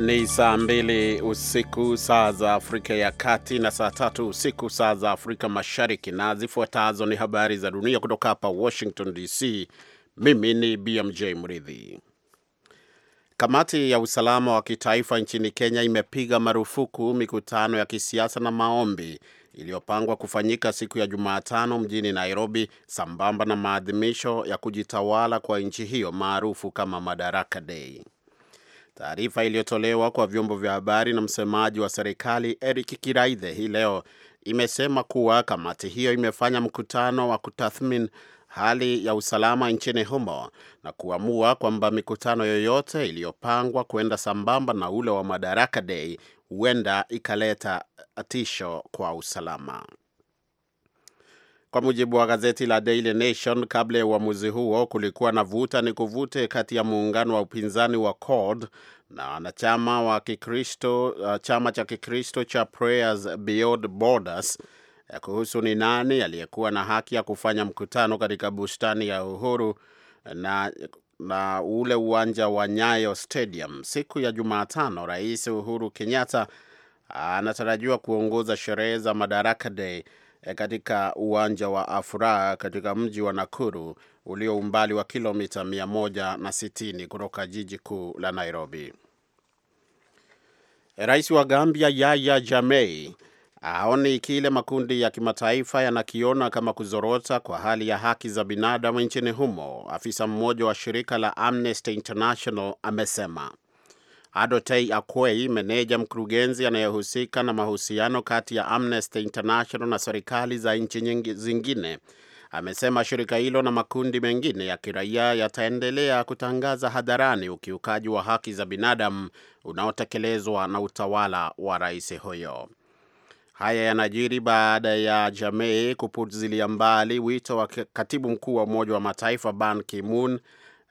Ni saa mbili usiku saa za Afrika ya Kati na saa tatu usiku saa za Afrika Mashariki, na zifuatazo ni habari za dunia kutoka hapa Washington DC. Mimi ni BMJ Mridhi. Kamati ya usalama wa kitaifa nchini Kenya imepiga marufuku mikutano ya kisiasa na maombi iliyopangwa kufanyika siku ya Jumatano mjini Nairobi, sambamba na maadhimisho ya kujitawala kwa nchi hiyo maarufu kama Madaraka Day. Taarifa iliyotolewa kwa vyombo vya habari na msemaji wa serikali Eric Kiraithe hii leo imesema kuwa kamati hiyo imefanya mkutano wa kutathmini hali ya usalama nchini humo na kuamua kwamba mikutano yoyote iliyopangwa kwenda sambamba na ule wa Madaraka Day huenda ikaleta tisho kwa usalama. Kwa mujibu wa gazeti la Daily Nation, kabla ya uamuzi huo kulikuwa na vuta ni kuvute kati ya muungano wa upinzani wa CORD na wanachama wa Kikristo, uh, chama cha Kikristo cha Prayers Beyond Borders eh, kuhusu ni nani aliyekuwa na haki ya kufanya mkutano katika bustani ya Uhuru eh, na, na ule uwanja wa Nyayo Stadium siku ya Jumatano. Rais Uhuru Kenyatta ah, anatarajiwa kuongoza sherehe za Madaraka Day eh, katika uwanja wa Afuraha katika mji wa Nakuru ulio umbali wa kilomita 160 kutoka jiji kuu la Nairobi. Rais wa Gambia yaya jamei aoni kile makundi ya kimataifa yanakiona kama kuzorota kwa hali ya haki za binadamu nchini humo. Afisa mmoja wa shirika la Amnesty International amesema. Adotei Akwei, meneja mkurugenzi anayehusika na mahusiano kati ya Amnesty International na serikali za nchi zingine, amesema shirika hilo na makundi mengine ya kiraia yataendelea kutangaza hadharani ukiukaji wa haki za binadamu unaotekelezwa na utawala wa rais huyo. Haya yanajiri baada ya Jamei kupuzilia mbali wito wa katibu mkuu wa Umoja wa Mataifa Ban Ki-moon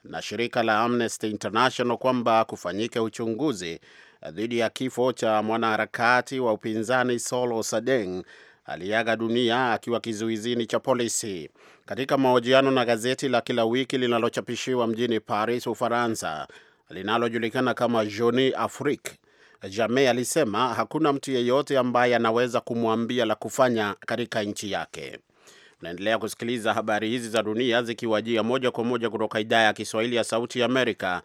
na shirika la Amnesty International kwamba kufanyike uchunguzi dhidi ya kifo cha mwanaharakati wa upinzani Solo Sadeng aliaga dunia akiwa kizuizini cha polisi. Katika mahojiano na gazeti la kila wiki linalochapishiwa mjini Paris, Ufaransa, linalojulikana kama Jeune Afrique, Jame alisema hakuna mtu yeyote ambaye anaweza kumwambia la kufanya katika nchi yake. Unaendelea kusikiliza habari hizi za dunia zikiwajia moja kwa moja kutoka idhaa ya Kiswahili ya Sauti ya Amerika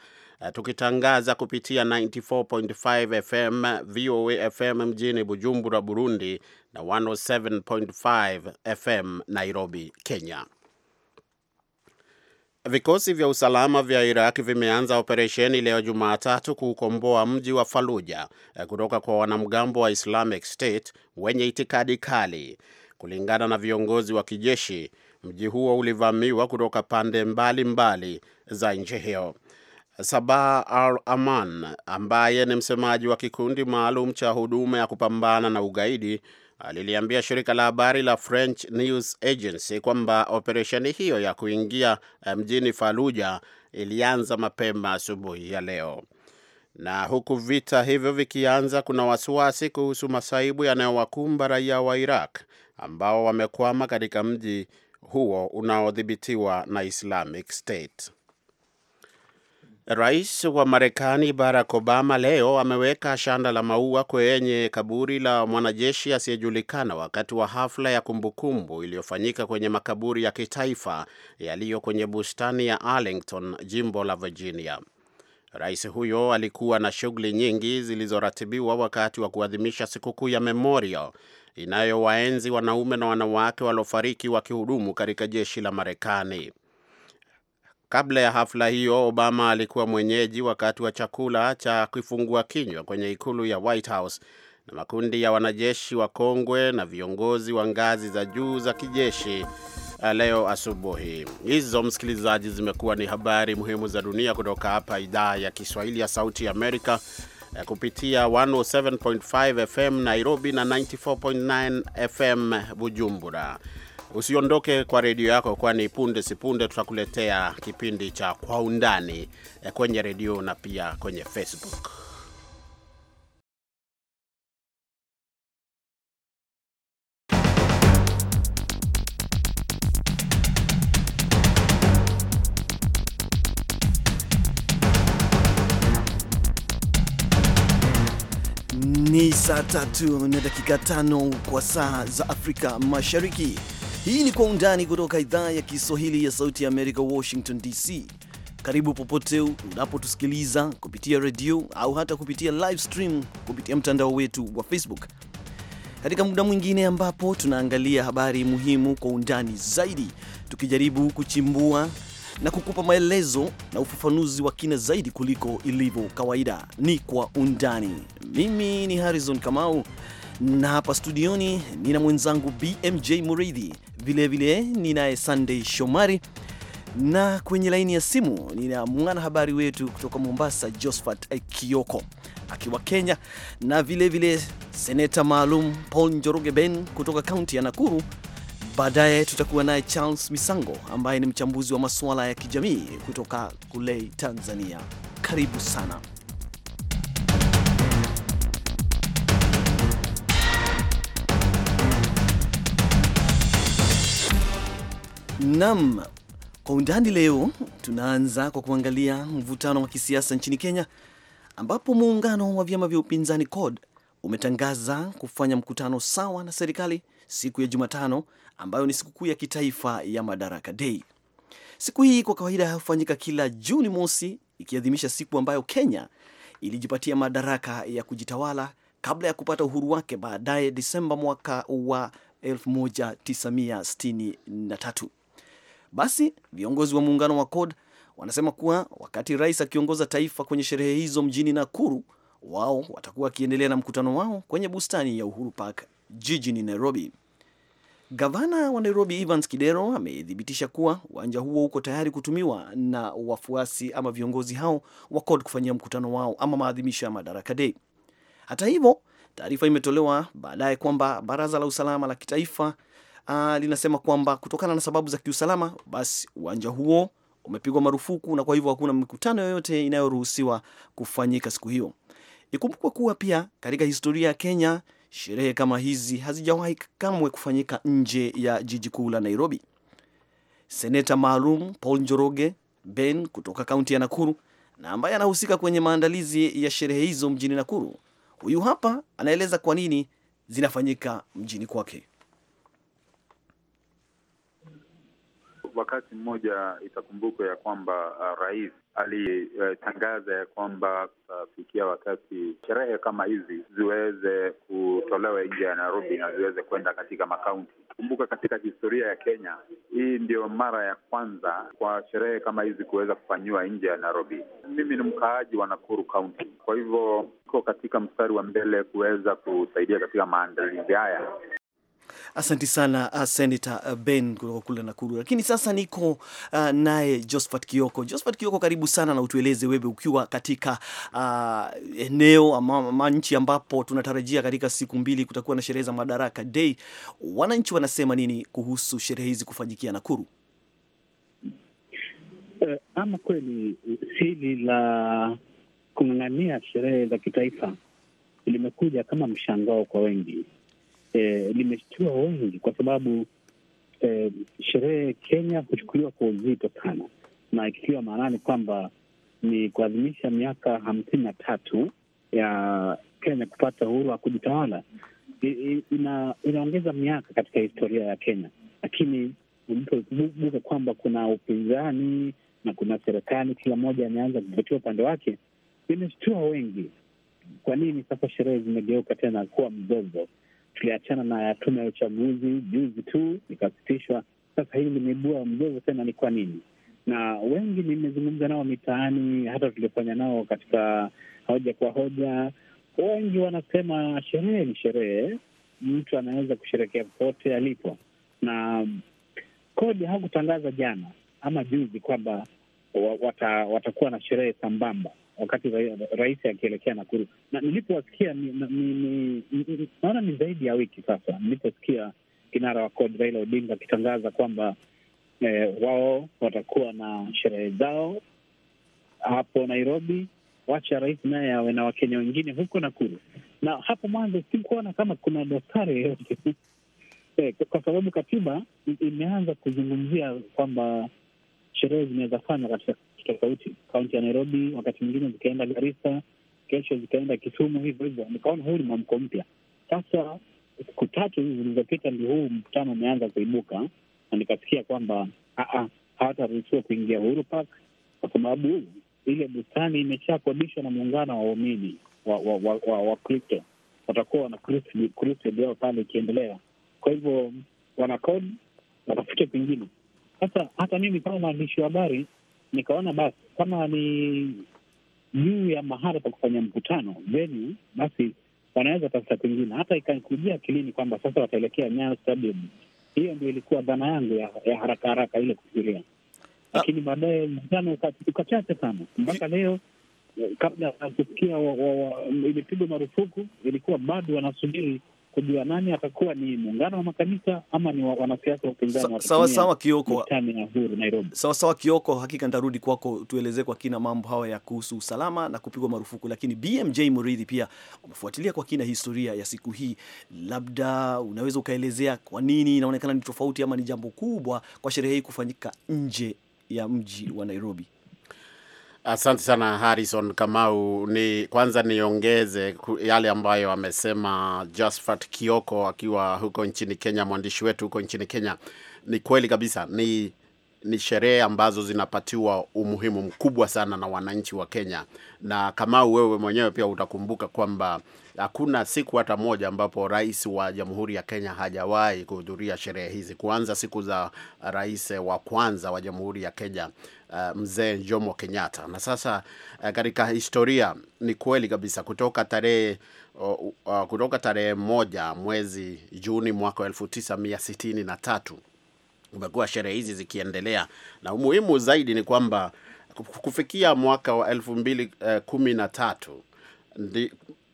Eh, tukitangaza kupitia 94.5 FM VOA FM mjini Bujumbura, Burundi na 107.5 FM Nairobi, Kenya. Vikosi vya usalama vya Iraq vimeanza operesheni leo Jumatatu kuukomboa mji wa Faluja eh, kutoka kwa wanamgambo wa Islamic State wenye itikadi kali. Kulingana na viongozi wa kijeshi, mji huo ulivamiwa kutoka pande mbalimbali mbali za nchi hiyo. Sabah al-Aman ambaye ni msemaji wa kikundi maalum cha huduma ya kupambana na ugaidi aliliambia shirika la habari la French News Agency kwamba operesheni hiyo ya kuingia eh, mjini Faluja ilianza mapema asubuhi ya leo. Na huku vita hivyo vikianza, kuna wasiwasi kuhusu masaibu yanayowakumba raia wa Iraq ambao wamekwama katika mji huo unaodhibitiwa na Islamic State. Rais wa Marekani Barack Obama leo ameweka shanda la maua kwenye kaburi la mwanajeshi asiyejulikana wakati wa hafla ya kumbukumbu iliyofanyika kwenye makaburi ya kitaifa yaliyo kwenye bustani ya Arlington, jimbo la Virginia. Rais huyo alikuwa na shughuli nyingi zilizoratibiwa wakati wa kuadhimisha sikukuu ya Memorial inayowaenzi wanaume na wanawake waliofariki wakihudumu katika jeshi la Marekani. Kabla ya hafla hiyo, Obama alikuwa mwenyeji wakati wa chakula cha kifungua kinywa kwenye ikulu ya White House na makundi ya wanajeshi wa kongwe na viongozi wa ngazi za juu za kijeshi eh, leo asubuhi. Hizo msikilizaji, zimekuwa ni habari muhimu za dunia kutoka hapa idhaa ya Kiswahili ya Sauti Amerika eh, kupitia 107.5 FM Nairobi na 94.9 FM Bujumbura. Usiondoke kwa redio yako, kwani punde sipunde tutakuletea kipindi cha Kwa Undani eh, kwenye redio na pia kwenye Facebook. Ni saa tatu na dakika tano kwa saa za Afrika Mashariki. Hii ni Kwa Undani kutoka idhaa ya Kiswahili ya Sauti ya Amerika, Washington DC. Karibu popote unapotusikiliza kupitia redio au hata kupitia live stream kupitia mtandao wetu wa Facebook, katika muda mwingine ambapo tunaangalia habari muhimu kwa undani zaidi, tukijaribu kuchimbua na kukupa maelezo na ufafanuzi wa kina zaidi kuliko ilivyo kawaida. Ni Kwa Undani. Mimi ni Harrison Kamau na hapa studioni nina mwenzangu BMJ Muridhi, vilevile ninaye Sunday Shomari, na kwenye laini ya simu nina mwanahabari wetu kutoka Mombasa, Josphat Kioko akiwa Kenya, na vilevile seneta maalum Paul Njoroge Ben kutoka kaunti ya Nakuru. Baadaye tutakuwa naye Charles Misango ambaye ni mchambuzi wa masuala ya kijamii kutoka kule Tanzania. Karibu sana. Nam kwa undani leo, tunaanza kwa kuangalia mvutano wa kisiasa nchini Kenya, ambapo muungano wa vyama vya upinzani CORD umetangaza kufanya mkutano sawa na serikali siku ya Jumatano, ambayo ni sikukuu ya kitaifa ya Madaraka Day. Siku hii kwa kawaida hufanyika kila Juni mosi, ikiadhimisha siku ambayo Kenya ilijipatia madaraka ya kujitawala kabla ya kupata uhuru wake baadaye Desemba mwaka wa 1963. Basi viongozi wa muungano wa CORD wanasema kuwa wakati rais akiongoza taifa kwenye sherehe hizo mjini Nakuru, wao watakuwa wakiendelea na mkutano wao kwenye bustani ya Uhuru Park jijini Nairobi. Gavana wa Nairobi Evans Kidero amethibitisha kuwa uwanja huo uko tayari kutumiwa na wafuasi ama viongozi hao wa CORD kufanyia mkutano wao ama maadhimisho ya Madaraka Day. Hata hivyo, taarifa imetolewa baadaye kwamba baraza la usalama la kitaifa uh, linasema kwamba kutokana na sababu za kiusalama, basi uwanja huo umepigwa marufuku na kwa hivyo hakuna mikutano yoyote inayoruhusiwa kufanyika siku hiyo. Ikumbukwe kuwa pia katika historia ya Kenya sherehe kama hizi hazijawahi kamwe kufanyika nje ya jiji kuu la Nairobi. Seneta maalum Paul Njoroge Ben kutoka kaunti ya Nakuru na ambaye anahusika kwenye maandalizi ya sherehe hizo mjini Nakuru, huyu hapa anaeleza kwa nini zinafanyika mjini kwake. wakati mmoja itakumbukwa ya kwamba uh, rais alitangaza uh, ya kwamba kutafikia uh, wakati sherehe kama hizi ziweze kutolewa nje ya Nairobi na ziweze kwenda katika makaunti. Kumbuka, katika historia ya Kenya hii ndio mara ya kwanza kwa sherehe kama hizi kuweza kufanyiwa nje ya Nairobi. Mimi ni mkaaji wa Nakuru kaunti kwa hivyo iko katika mstari wa mbele kuweza kusaidia katika maandalizi haya. Asanti sana uh, senata uh, Ben kutoka kule Nakuru. Lakini sasa niko uh, naye Josphat Kioko. Josphat Kioko, karibu sana na utueleze wewe ukiwa katika uh, eneo ama, ama nchi ambapo tunatarajia katika siku mbili kutakuwa na sherehe za Madaraka Day. Wananchi wanasema nini kuhusu sherehe hizi kufanyikia Nakuru? Uh, ama kweli hili la kung'ang'ania sherehe za kitaifa limekuja kama mshangao kwa wengi eh, limeshtua wengi kwa sababu eh, sherehe Kenya huchukuliwa kwa uzito sana, na ikiwa maanani kwamba ni kuadhimisha miaka hamsini na tatu ya Kenya kupata uhuru wa kujitawala. Ina, inaongeza miaka katika historia ya Kenya, lakini ulipokumbuka kwamba kuna upinzani na kuna serikali, kila mmoja ameanza kuvutia upande wake, imeshtua wengi. Kwa nini sasa sherehe zimegeuka tena kuwa mzozo? tuliachana na tume ya uchaguzi juzi tu ikasitishwa. Sasa hili limeibua mzozo tena, ni kwa nini? Na wengi nimezungumza nao mitaani, hata tuliofanya nao katika hoja kwa hoja, wengi wanasema sherehe ni sherehe, mtu anaweza kusherekea popote alipo, na kodi hakutangaza jana ama juzi kwamba watakuwa wata na sherehe sambamba wakati rais akielekea Nakuru, na nilipowasikia naona ni zaidi ya wiki sasa, niliposikia kinara wa CORD Raila Odinga akitangaza kwamba eh, wao watakuwa na sherehe zao hapo Nairobi, wacha rais naye awe na Wakenya wengine huko Nakuru. Na hapo mwanzo sikuona kama kuna dosari yoyote eh, kwa sababu katiba imeanza kuzungumzia kwamba sherehe zinaweza fanywa katika tofauti, kaunti ya Nairobi, wakati mwingine zikaenda Garissa, kesho zikaenda Kisumu, hivyo hivyo. Nikaona huu ni mwamko mpya. Sasa siku tatu zilizopita ndio huu mkutano umeanza kuibuka, na nikasikia kwamba hawataruhusiwa kuingia Uhuru Park kwa sababu ile bustani imeshakodishwa na muungano wa waumini wa Wakristo wa, wa, wa watakuwa wana crusade yao pale ikiendelea. Kwa hivyo wanakodi watafute pengine. Sasa hata mimi kama mwandishi wa habari nikaona basi kama ni juu ya mahala pa kufanya mkutano venu, basi wanaweza tafuta kwingine. Hata ikakujia akilini kwamba sasa wataelekea Nyayo Stadium. Hiyo ndio ilikuwa dhana yangu ya, ya haraka haraka ile kufikiria, ah. lakini baadaye mkutano ukachache sana mpaka leo eh, kabla ya kusikia imepigwa marufuku, ilikuwa bado wanasubiri kujua nani atakuwa ni muungano wa makanisa ama ni wanasiasa wa upinzani. Sawa sawa Kioko, sawa sawa Kioko, hakika nitarudi kwako tuelezee kwa kina mambo hawa ya kuhusu usalama na kupigwa marufuku, lakini BMJ Muridhi, pia umefuatilia kwa kina historia ya siku hii, labda unaweza ukaelezea kwa nini inaonekana ni tofauti ama ni jambo kubwa kwa sherehe hii kufanyika nje ya mji wa Nairobi? Asante sana Harrison Kamau. Ni kwanza niongeze yale ambayo amesema Josphat Kioko akiwa huko nchini Kenya, mwandishi wetu huko nchini Kenya. Ni kweli kabisa, ni ni sherehe ambazo zinapatiwa umuhimu mkubwa sana na wananchi wa Kenya, na kama wewe mwenyewe pia utakumbuka kwamba hakuna siku hata moja ambapo rais wa Jamhuri ya Kenya hajawahi kuhudhuria sherehe hizi, kuanza siku za rais wa kwanza wa Jamhuri ya Kenya uh, mzee Jomo Kenyatta. Na sasa uh, katika historia ni kweli kabisa kutoka tarehe uh, uh, kutoka tarehe moja mwezi Juni mwaka elfu tisa mia sitini na tatu kumekuwa sherehe hizi zikiendelea, na umuhimu zaidi ni kwamba kufikia mwaka wa elfu mbili eh, kumi na tatu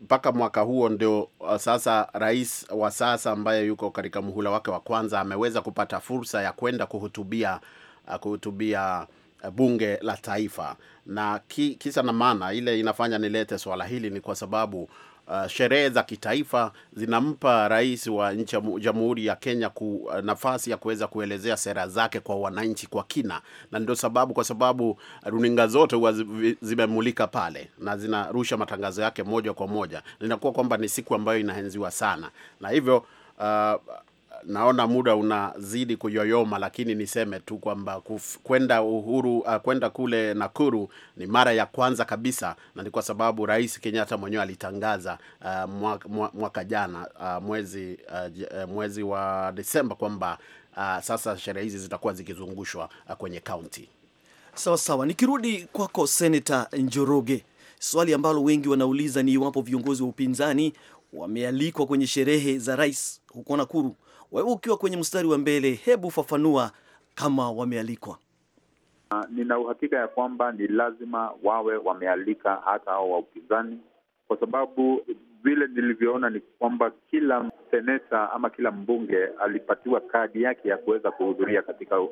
mpaka mwaka huo ndio uh, sasa rais wa sasa ambaye yuko katika muhula wake wa kwanza ameweza kupata fursa ya kwenda kuhutubia uh, kuhutubia uh, bunge la taifa na ki, kisa na maana ile inafanya nilete swala hili ni kwa sababu uh, sherehe za kitaifa zinampa rais wa nchi Jamhuri ya Kenya ku, uh, nafasi ya kuweza kuelezea sera zake kwa wananchi kwa kina, na ndio sababu, kwa sababu runinga zote huwa zimemulika pale na zinarusha matangazo yake moja kwa moja, linakuwa kwamba ni siku ambayo inaenziwa sana na hivyo uh, naona muda unazidi kuyoyoma, lakini niseme tu kwamba kwenda Uhuru uh, kwenda kule Nakuru ni mara ya kwanza kabisa, na ni kwa sababu Rais Kenyatta mwenyewe alitangaza uh, ah, mwaka, mwaka jana uh, mwezi uh, mwezi wa Desemba kwamba uh, sasa sherehe hizi zitakuwa zikizungushwa uh, kwenye kaunti sawa sawa. Nikirudi kwako Senata Njoroge, swali ambalo wengi wanauliza ni iwapo viongozi wa upinzani wamealikwa kwenye sherehe za rais huko Nakuru wewe ukiwa kwenye mstari wa mbele, hebu fafanua kama wamealikwa. Ah, nina uhakika ya kwamba ni lazima wawe wamealika hata hao upinzani kwa sababu vile nilivyoona ni kwamba kila seneta ama kila mbunge alipatiwa kadi yake ya kuweza kuhudhuria katika uh,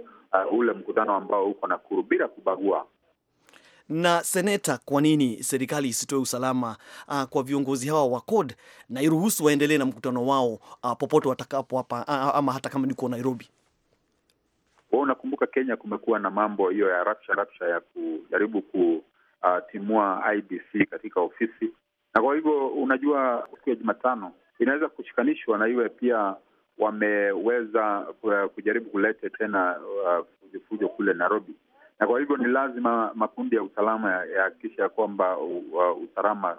ule mkutano ambao uko Nakuru bila kubagua na seneta kwa nini serikali isitoe usalama uh, kwa viongozi hawa wa CORD na iruhusu waendelee na mkutano wao uh, popote watakapo hapa uh, ama hata kama kuwa Nairobi. wa unakumbuka Kenya kumekuwa na mambo hiyo ya rapsha rapsha ya kujaribu kutimua uh, IBC katika ofisi, na kwa hivyo unajua, siku ya Jumatano inaweza kushikanishwa na iwe pia wameweza eh, kujaribu kulete tena uh, eh, fujofujo kule Nairobi na kwa hivyo ni lazima makundi ya usalama yahakikisha ya kwamba usalama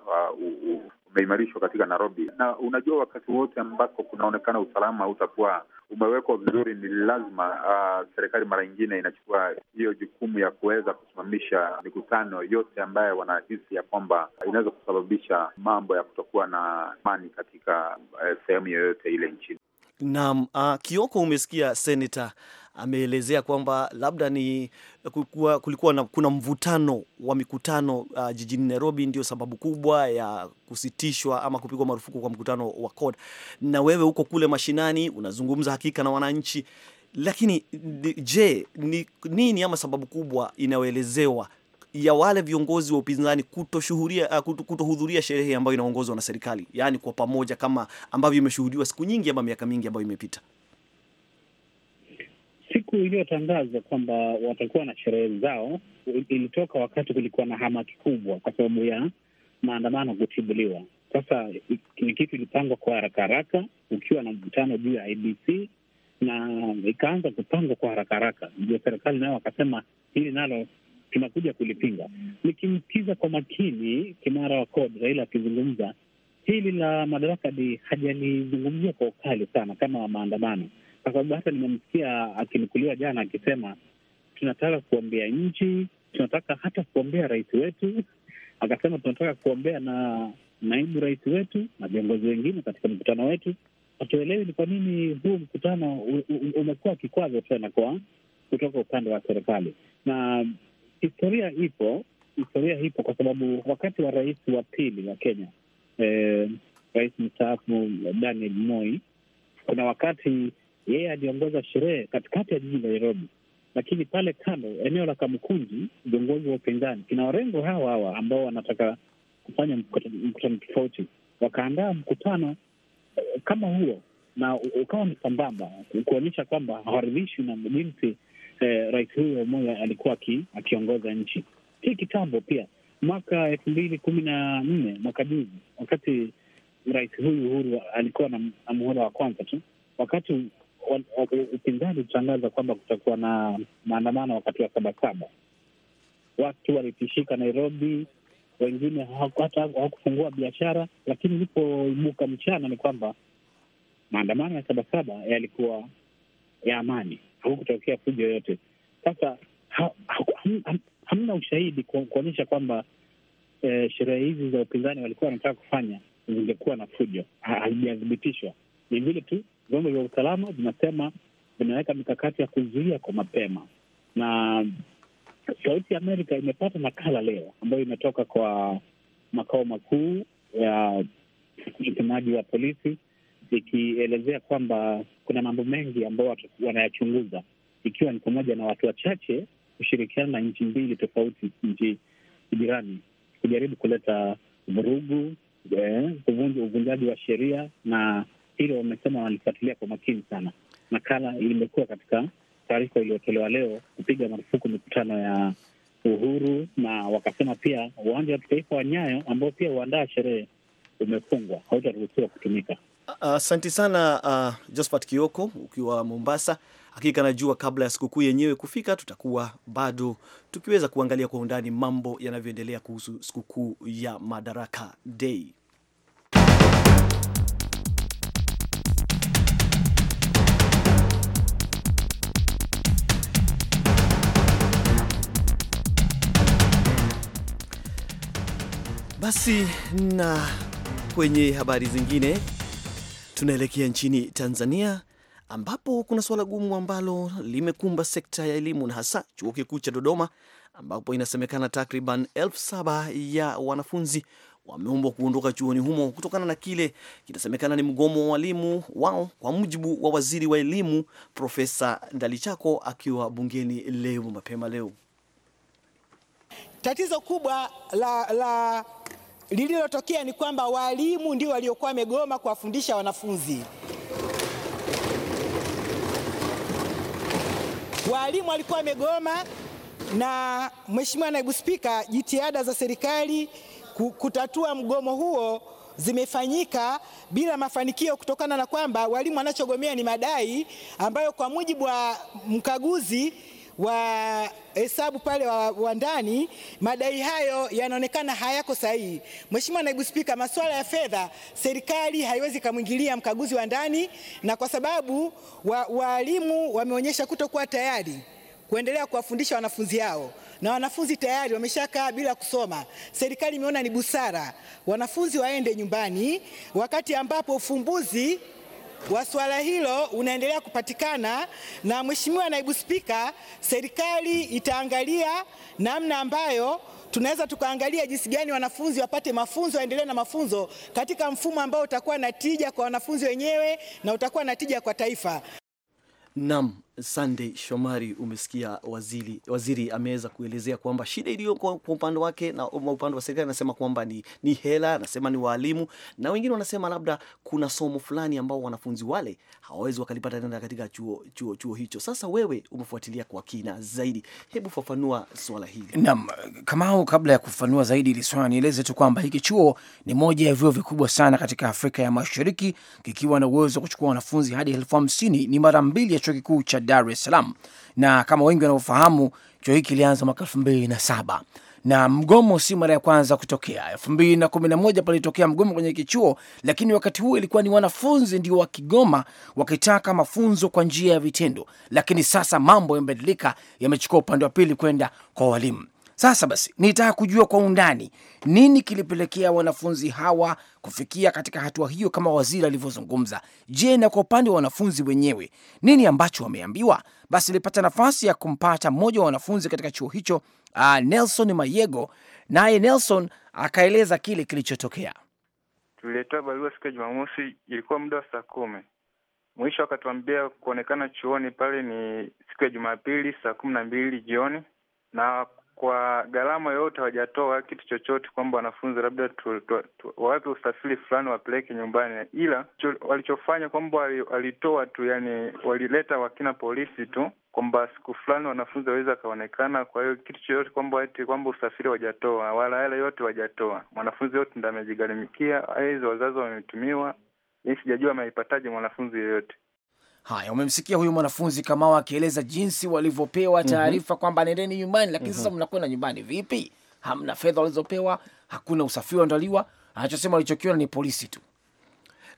umeimarishwa katika Nairobi. Na unajua wakati wote ambako kunaonekana usalama utakuwa umewekwa vizuri, ni lazima uh, serikali mara nyingine inachukua hiyo jukumu ya kuweza kusimamisha mikutano yote ambayo wanahisi ya kwamba inaweza kusababisha mambo ya kutokuwa na amani katika uh, sehemu yoyote ile nchini. Naam, uh, Kioko, umesikia senata ameelezea kwamba labda ni kukua, kulikuwa na, kuna mvutano wa mikutano uh, jijini Nairobi ndio sababu kubwa ya kusitishwa ama kupigwa marufuku kwa mkutano wa CORD. Na wewe huko kule mashinani unazungumza hakika na wananchi, lakini je, ni nini ama sababu kubwa inayoelezewa ya wale viongozi wa upinzani kutoshuhudia uh, kutohudhuria sherehe ambayo inaongozwa na serikali, yaani kwa pamoja, kama ambavyo imeshuhudiwa siku nyingi ama miaka mingi ambayo imepita? siku iliyotangazwa kwamba watakuwa na sherehe zao ilitoka wakati kulikuwa na hamaki kubwa kwa sababu ya maandamano kutibuliwa. Sasa ni kitu ilipangwa kwa haraka haraka, ukiwa na mkutano juu ya IBC na ikaanza kupangwa kwa haraka haraka, ndio serikali nayo wakasema hili nalo tunakuja kulipinga. Nikimsikiza kwa makini kinara wa CORD Raila akizungumza hili la madaraka hajalizungumzia kwa ukali sana kama maandamano kwa sababu hata nimemsikia akinukuliwa jana akisema tunataka kuombea nchi, tunataka hata kuombea rais wetu. Akasema tunataka kuombea na naibu rais wetu na viongozi wengine katika mkutano wetu. Hatuelewi ni kwa nini huu mkutano umekuwa kikwazo tena kwa kutoka upande wa serikali, na historia ipo, historia ipo kwa sababu wakati wa rais wa pili wa Kenya eh, rais mstaafu Daniel Moi, kuna wakati yeye aliongoza sherehe katikati ya jiji la Nairobi, lakini pale kando eneo la Kamukunji viongozi wa upinzani kina warengo hawa hawa ambao wanataka kufanya mkutano tofauti wakaandaa mkutano eh, kama huo, na ukawa ni sambamba kuonyesha kwamba hawaridhishwi na jinsi eh, rais huyo Moi alikuwa akiongoza nchi. hii kitambo pia mwaka elfu mbili kumi na nne mwaka juzi, wakati rais huyu Uhuru alikuwa na muhula wa kwanza tu, wakati upinzani kutangaza kwamba kutakuwa na maandamano wakati wa Sabasaba, watu walitishika Nairobi, wengine hata hawakufungua biashara, lakini ilipoibuka mchana ni kwamba maandamano ya Sabasaba yalikuwa ya amani, hakukutokea fujo yoyote. Sasa ha, ha, ham, hamna ushahidi kuonyesha kwamba eh, sherehe hizi za upinzani walikuwa wanataka kufanya zingekuwa na fujo, hazijathibitishwa. Ni vile tu vyombo vya usalama vinasema vinaweka mikakati ya kuzuia kwa mapema, na Sauti ya Amerika imepata nakala leo ambayo imetoka kwa makao makuu ya msemaji wa polisi ikielezea kwamba kuna mambo mengi ambayo wanayachunguza ikiwa ni pamoja na watu wachache kushirikiana na nchi mbili tofauti, nchi jirani, kujaribu kuleta vurugu, eh, uvunjaji wa sheria na hilo wamesema wanalifuatilia kwa makini sana. Nakala imekuwa katika taarifa iliyotolewa leo kupiga marufuku mikutano ya Uhuru, na wakasema pia uwanja wa kitaifa wa Nyayo ambao pia huandaa sherehe umefungwa, hautaruhusiwa kutumika. Asanti uh, sana uh, Josphat Kioko ukiwa Mombasa. Hakika najua kabla ya sikukuu yenyewe kufika, tutakuwa bado tukiweza kuangalia kwa undani mambo yanavyoendelea kuhusu sikukuu ya Madaraka Day. Basi na kwenye habari zingine tunaelekea nchini Tanzania ambapo kuna suala gumu ambalo limekumba sekta ya elimu na hasa chuo kikuu cha Dodoma ambapo inasemekana takriban elfu saba ya wanafunzi wameombwa kuondoka chuoni humo kutokana na kile kinasemekana ni mgomo wa walimu wao, kwa mujibu wa waziri wa elimu Profesa Ndalichako akiwa bungeni leo mapema leo. Tatizo kubwa la, la lililotokea ni kwamba walimu ndio waliokuwa wamegoma kuwafundisha wanafunzi. Walimu walikuwa wamegoma, na Mheshimiwa Naibu Spika, jitihada za serikali kutatua mgomo huo zimefanyika bila mafanikio kutokana na kwamba walimu wanachogomea ni madai ambayo kwa mujibu wa mkaguzi wa hesabu pale wa, wa ndani, madai hayo yanaonekana hayako sahihi. Mheshimiwa Naibu Spika, masuala ya fedha serikali haiwezi kumwingilia mkaguzi wa ndani, na kwa sababu waalimu wa wameonyesha kutokuwa tayari kuendelea kuwafundisha wanafunzi hao na wanafunzi tayari wameshakaa bila kusoma. Serikali imeona ni busara wanafunzi waende nyumbani, wakati ambapo ufumbuzi wa suala hilo unaendelea kupatikana, na Mheshimiwa Naibu Spika, serikali itaangalia namna ambayo tunaweza tukaangalia jinsi gani wanafunzi wapate mafunzo, waendelee na mafunzo katika mfumo ambao utakuwa na tija kwa wanafunzi wenyewe na utakuwa na tija kwa taifa. Naam. Sunday Shomari, umesikia waziri, waziri ameweza kuelezea kwamba shida iliyo kwa upande wake na upande wa serikali anasema kwamba ni, ni hela, anasema ni waalimu, na wengine wanasema labda kuna somo fulani ambao wanafunzi wale hawawezi wakalipata tena katika chuo, chuo, chuo hicho. Sasa wewe umefuatilia kwa kina zaidi, hebu fafanua swala hili. Naam, Kamau, kabla ya kufafanua zaidi ili swala, nieleze tu kwamba hiki chuo ni moja ya vyuo vikubwa sana katika Afrika ya Mashariki, kikiwa na uwezo wa kuchukua wanafunzi hadi elfu hamsini ni mara mbili ya chuo kikuu cha Dar es Salaam, na kama wengi wanavyofahamu, chuo hiki kilianza mwaka elfu mbili na saba na mgomo si mara ya kwanza kutokea. elfu mbili na kumi na moja palitokea mgomo kwenye hiki chuo, lakini wakati huo ilikuwa ni wanafunzi ndio wakigoma wakitaka mafunzo kwa njia ya vitendo, lakini sasa mambo yamebadilika, yamechukua upande wa pili kwenda kwa walimu. Sasa basi, nitaka kujua kwa undani nini kilipelekea wanafunzi hawa kufikia katika hatua hiyo kama waziri alivyozungumza. Je, na kwa upande wa wanafunzi wenyewe nini ambacho wameambiwa? Basi nilipata nafasi ya kumpata mmoja wa wanafunzi katika chuo hicho, uh, Nelson Mayego, naye Nelson akaeleza kile kilichotokea. Tuliletewa barua siku ya Jumamosi, ilikuwa muda wa saa kumi mwisho akatuambia kuonekana chuoni pale ni siku ya Jumapili saa kumi na mbili jioni na kwa gharama yoyote hawajatoa kitu chochote kwamba wanafunzi labda wawape usafiri fulani wapeleke nyumbani, ila walichofanya kwamba walitoa tu, yani walileta wakina polisi tu kwamba siku fulani wanafunzi waweza wakaonekana. Kwa hiyo kitu chochote kwamba ati kwamba usafiri wajatoa wala hela yote wajatoa, mwanafunzi yote ndo amejigharimikia. Hizo wazazi wametumiwa, sijajua ameipataje mwanafunzi yeyote. Haya, umemsikia huyu mwanafunzi Kamau akieleza jinsi walivyopewa mhm. taarifa mm -hmm. kwamba nendeni nyumbani, lakini mm -hmm. sasa mnakwenda nyumbani vipi? Hamna fedha walizopewa, hakuna usafiri waandaliwa. Anachosema walichokiona ni polisi tu.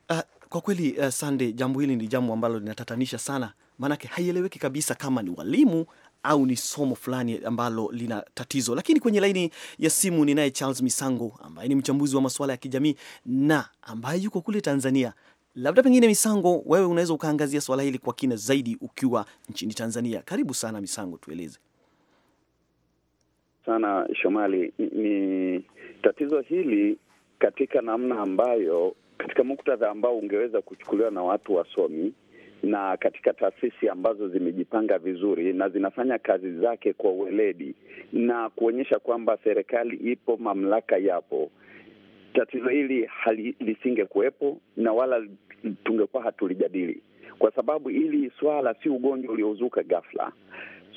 Uh, kwa kweli uh, Sande, jambo hili ni jambo ambalo linatatanisha sana, maanake haieleweki kabisa kama ni walimu au ni somo fulani ambalo lina tatizo. Lakini kwenye laini ya simu ninaye Charles Misango ambaye ni mchambuzi wa masuala ya kijamii na ambaye yuko kule Tanzania labda pengine Misango, wewe unaweza ukaangazia swala hili kwa kina zaidi ukiwa nchini Tanzania. Karibu sana Misango, tueleze sana Shomali. Ni, ni tatizo hili katika namna ambayo katika muktadha ambao ungeweza kuchukuliwa na watu wasomi na katika taasisi ambazo zimejipanga vizuri na zinafanya kazi zake kwa uweledi na kuonyesha kwamba serikali ipo, mamlaka yapo, tatizo hili lisingekuwepo na wala tungekuwa hatulijadili, kwa sababu hili swala si ugonjwa uliozuka ghafla.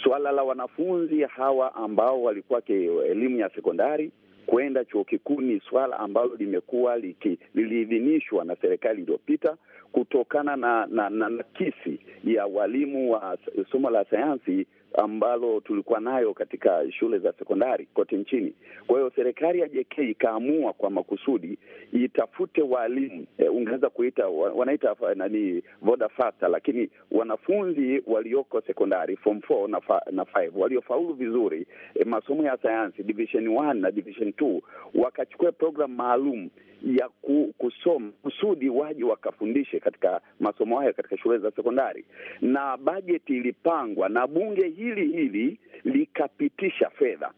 Swala la wanafunzi hawa ambao walikuwa elimu ya sekondari kwenda chuo kikuu ni swala ambalo limekuwa liliidhinishwa na serikali iliyopita kutokana na, na, na, na kesi ya walimu wa somo la sayansi ambalo tulikuwa nayo katika shule za sekondari kote nchini. Kwa hiyo serikali ya JK ikaamua kwa makusudi itafute waalimu e, eh, ungeweza kuita wanaita nani voda fasta, lakini wanafunzi walioko sekondari form 4 na, fa, na 5 waliofaulu vizuri e, masomo ya sayansi division 1 na division 2 wakachukua programu maalum ya kusoma kusudi waje wakafundishe katika masomo hayo katika shule za sekondari, na bajeti ilipangwa na bunge hili hili likapitisha fedha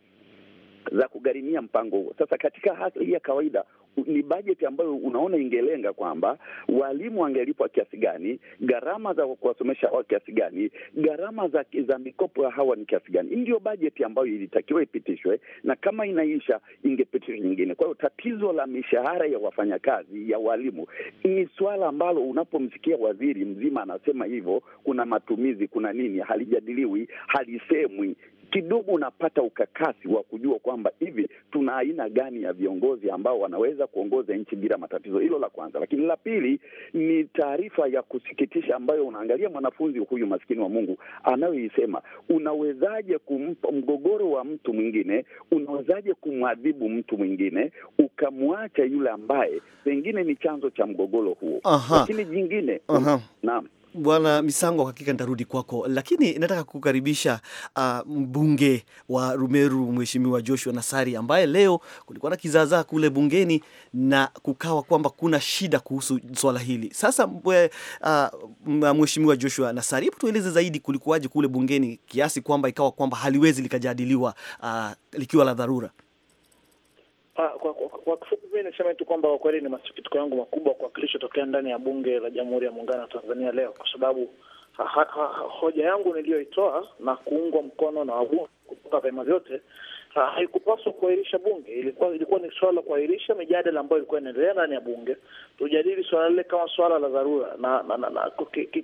za kugharimia mpango huo. Sasa katika hali ya kawaida ni bajeti ambayo unaona ingelenga kwamba walimu wangelipwa kiasi gani, gharama za kuwasomesha hawa kiasi gani, gharama za, za mikopo ya hawa ni kiasi gani. Hii ndio bajeti ambayo ilitakiwa ipitishwe, na kama inaisha ingepitishwa nyingine. Kwa hiyo tatizo la mishahara ya wafanyakazi ya walimu ni swala ambalo unapomsikia waziri mzima anasema hivyo, kuna matumizi, kuna nini, halijadiliwi, halisemwi kidogo unapata ukakasi wa kujua kwamba hivi tuna aina gani ya viongozi ambao wanaweza kuongoza nchi bila matatizo. Hilo la kwanza, lakini la pili ni taarifa ya kusikitisha ambayo unaangalia mwanafunzi huyu maskini wa Mungu anayoisema. Unawezaje kumpa mgogoro wa mtu mwingine, unawezaje kumwadhibu mtu mwingine ukamwacha yule ambaye pengine ni chanzo cha mgogoro huo? Aha. Lakini jingine, naam Bwana Misango, hakika nitarudi kwako, lakini nataka kukaribisha uh, ah, mbunge wa Rumeru Mheshimiwa Joshua Nasari ambaye leo kulikuwa na kizaazaa kule bungeni na kukawa kwamba kuna shida kuhusu swala hili. Sasa uh, Mheshimiwa Joshua Nasari, hebu tueleze zaidi kulikuwaje kule bungeni kiasi kwamba ikawa kwamba haliwezi likajadiliwa uh, likiwa la dharura? Ah, kwa, kwa, kwa kifupi mi niseme tu kwamba kwa kweli ni masikitiko yangu makubwa kwa kilichotokea ndani ya bunge la Jamhuri ya Muungano wa Tanzania leo, kwa sababu ha, ha, ha, hoja yangu niliyoitoa na kuungwa mkono na wabunge kutoka vyama vyote haikupaswa kuahirisha bunge. Ilikuwa ilikuwa ni suala la kuahirisha mijadala ambayo ilikuwa inaendelea ndani ya bunge, tujadili suala lile kama suala la dharura. Na, na, na, na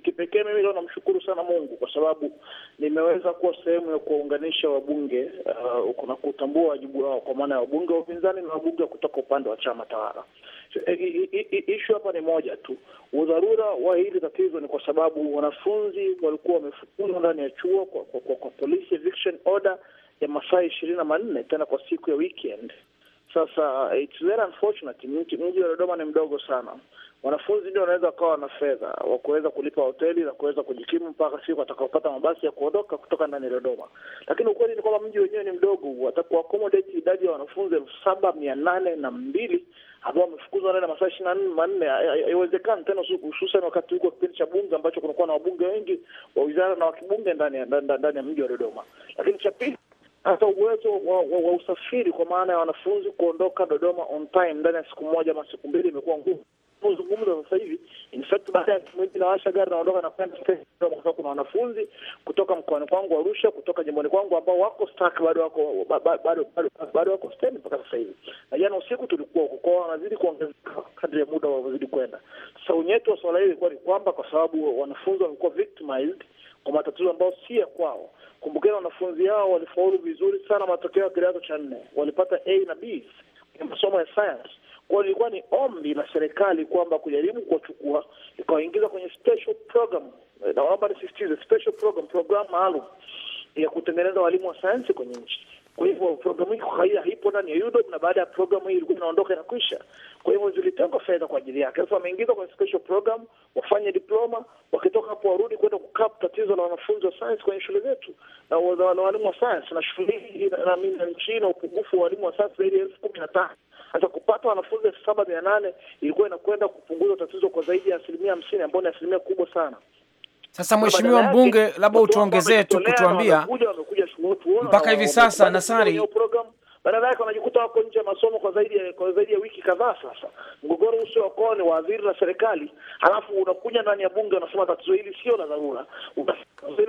kipekee mimi leo namshukuru sana Mungu kwa sababu nimeweza kuwa sehemu ya kuwaunganisha wabunge uh, na kutambua wajibu wao, kwa maana ya wabunge wa upinzani na wabunge kutoka upande wa chama tawala. Ishu hapa ni moja tu, udharura wa hili tatizo ni kwa sababu wanafunzi walikuwa wamefukuzwa ndani ya chuo kwa, kwa, kwa, kwa police eviction order ya masaa ishirini na manne tena kwa siku ya weekend. Sasa uh, it's very unfortunate, mji wa Dodoma ni mdogo sana, wanafunzi ndio wanaweza wakawa wana fedha wa kuweza kulipa hoteli na kuweza kujikimu mpaka siku atakaopata mabasi ya kuondoka kutoka ndani ya Dodoma, lakini ukweli ni kwamba mji wenyewe ni mdogo, watakuakomodate idadi ya wanafunzi elfu saba mia nane na mbili ambao wamefukuzwa ndani ya masaa ishirini na nne haiwezekani tena, hususan wakati huko kipindi cha bunge ambacho kunakuwa na wabunge wengi wa wizara na wakibunge ndani ya mji wa Dodoma. Lakini cha pili hata uwezo wa, wa, wa usafiri kwa maana ya wanafunzi kuondoka Dodoma on time ndani ya siku moja ama siku mbili imekuwa ngumu. Tunazungumza sasa hivi, in fact, baada ya simu nawasha gari naondoka na kwenda Dodoma, kuna wanafunzi kutoka mkoani kwangu Arusha, kutoka jimboni kwangu ambao wako stuck, bado wako bado bado wako stand mpaka sasa hivi, na jana usiku tulikuwa huko kwao, wanazidi kuongezeka kadri ya muda wanavyozidi kwenda. Sasa unyeto wa swala hili ilikuwa ni kwamba kwa sababu wanafunzi wamekuwa victimized kwa matatizo ambayo si ya kwao. Kumbukeni wanafunzi hao walifaulu vizuri sana matokeo ya kidato cha nne, walipata A na B kwenye masomo ya science. Kwa ilikuwa ni ombi la serikali kwamba kujaribu kuwachukua ikawaingiza kwenye special program, naomba nisisitize, special program, program maalum ya kutengeneza walimu wa sayansi kwenye nchi kwa hivyo programu hii haipo ndani ya UDOM na baada ya programu hii ilikuwa inaondoka inakwisha. Kwa hivyo zilitengwa fedha kwa ajili yake. Sasa wameingizwa kwenye special program, wafanye diploma, wakitoka hapo warudi kwenda kukap tatizo la wanafunzi wa science kwenye shule zetu na walimu wa science na shule hii na mimi na nchi na upungufu wa walimu wa science zaidi ya elfu kumi na tano. Sasa kupata wanafunzi elfu saba mia nane ilikuwa inakwenda kupunguza tatizo kwa zaidi ya asilimia hamsini, ambayo ni asilimia kubwa sana. Sasa mheshimiwa mbunge, labda utuongezee tu kutuambia mpaka hivi sasa Nasari badala yake wanajikuta wako nje ya masomo kwa zaidi ya kwa zaidi ya wiki kadhaa. Sasa mgogoro usio okoa ni waziri na serikali, halafu unakunya ndani ya bunge unasema tatizo hili sio la dharura, unasema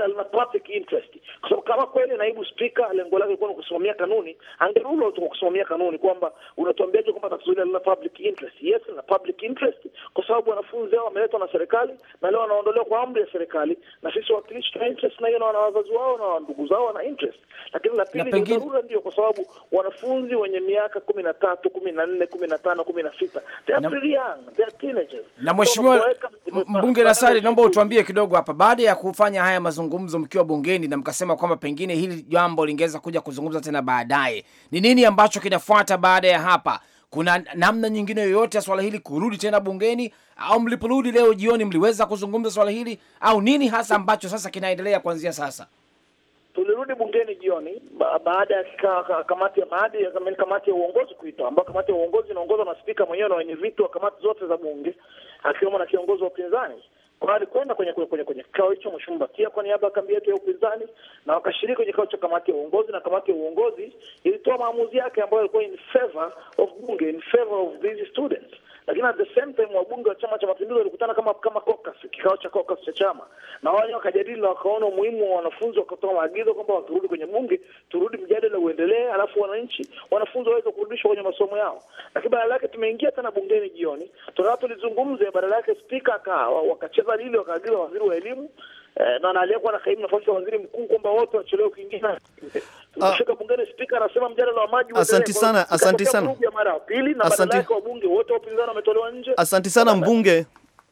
halina public interest, kwa sababu kama kweli naibu spika lengo lake ilikuwa ni kusimamia kanuni, angerulo tu kusimamia kanuni, kwamba unatuambiaje kwamba tatizo hili halina public interest? Yes, lina public interest kwa sababu wanafunzi hao wameletwa na serikali na leo wanaondolewa kwa amri ya serikali, na sisi wawakilishi tuna interest na hiyo, na wazazi wao na ndugu zao wana interest, lakini la pili ni dharura, ndio kwa sababu wa wanafunzi wenye miaka kumi na tatu kumi na nne kumi na tano kumi na sita na mheshimiwa mbunge Nasari, naomba utuambie kidogo hapa, baada ya kufanya haya mazungumzo mkiwa bungeni na mkasema kwamba pengine hili jambo lingeweza kuja kuzungumza tena baadaye, ni nini ambacho kinafuata baada ya hapa? Kuna namna nyingine yoyote ya swala hili kurudi tena bungeni, au mliporudi leo jioni mliweza kuzungumza swala hili, au nini hasa ambacho sasa kinaendelea kuanzia sasa? tulirudi bungeni jioni ba baada ya kamati ya maadili, kamati ya uongozi kuitwa, ambayo kamati ya uongozi inaongozwa na spika mwenyewe na wenye vitu wa kamati zote za bunge akiwemo na kiongozi wa upinzani. Kwa hiyo alikwenda kwenye kwenye kwenye kwenye kikao hicho Mheshimiwa Mbakia kwa niaba ya kambi yetu ya upinzani, na wakashiriki kwenye kikao cha kamati ya uongozi, na kamati ya uongozi ilitoa maamuzi yake ambayo yalikuwa in favor of bunge, in favor of these students lakini at the same time wabunge wa Chama cha Mapinduzi walikutana kama kama caucus, kikao cha caucus cha chama, na wao wakajadili na wakaona umuhimu wa wanafunzi, wakatoa maagizo kwamba wakirudi kwenye bunge turudi, mjadala uendelee, alafu wananchi, wanafunzi waweze kurudishwa kwenye masomo yao. Lakini badala yake tumeingia tena bungeni jioni, tunataka tulizungumze, badala yake spika akawa wakacheza swali hili wakaagiza waziri wa elimu eh, na aliyekuwa na kaimu nafasi ya waziri mkuu kwamba wote wachelewe kuingia. Ah. tumeshika bungeni, spika anasema mjadala wa maji. Asante sana, asante sana. Mara ya pili na badala yake wabunge wote wapinzani wametolewa nje. Asante sana mbunge.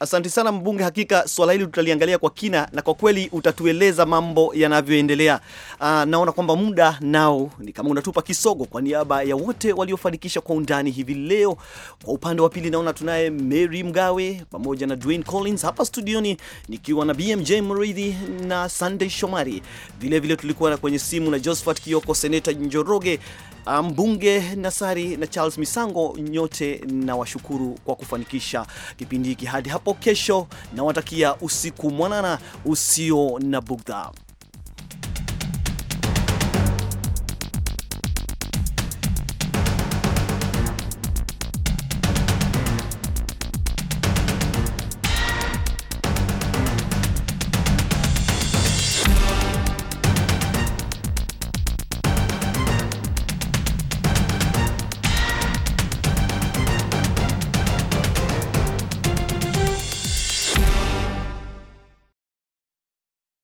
Asante sana mbunge, hakika swala hili tutaliangalia kwa kina na kwa kweli utatueleza mambo yanavyoendelea. Uh, naona kwamba muda nao ni kama unatupa kisogo. Kwa niaba ya wote waliofanikisha kwa undani hivi leo, kwa upande wa pili naona tunaye Mary Mgawe pamoja na Dwayne Collins hapa studioni, nikiwa na BMJ Mridhi na Sunday Shomari. Vilevile tulikuwa na kwenye simu na Josephat Kioko, Seneta Njoroge Mbunge Nasari na Charles Misango, nyote na washukuru kwa kufanikisha kipindi hiki hadi hapo kesho, nawatakia usiku mwanana usio na bugdha.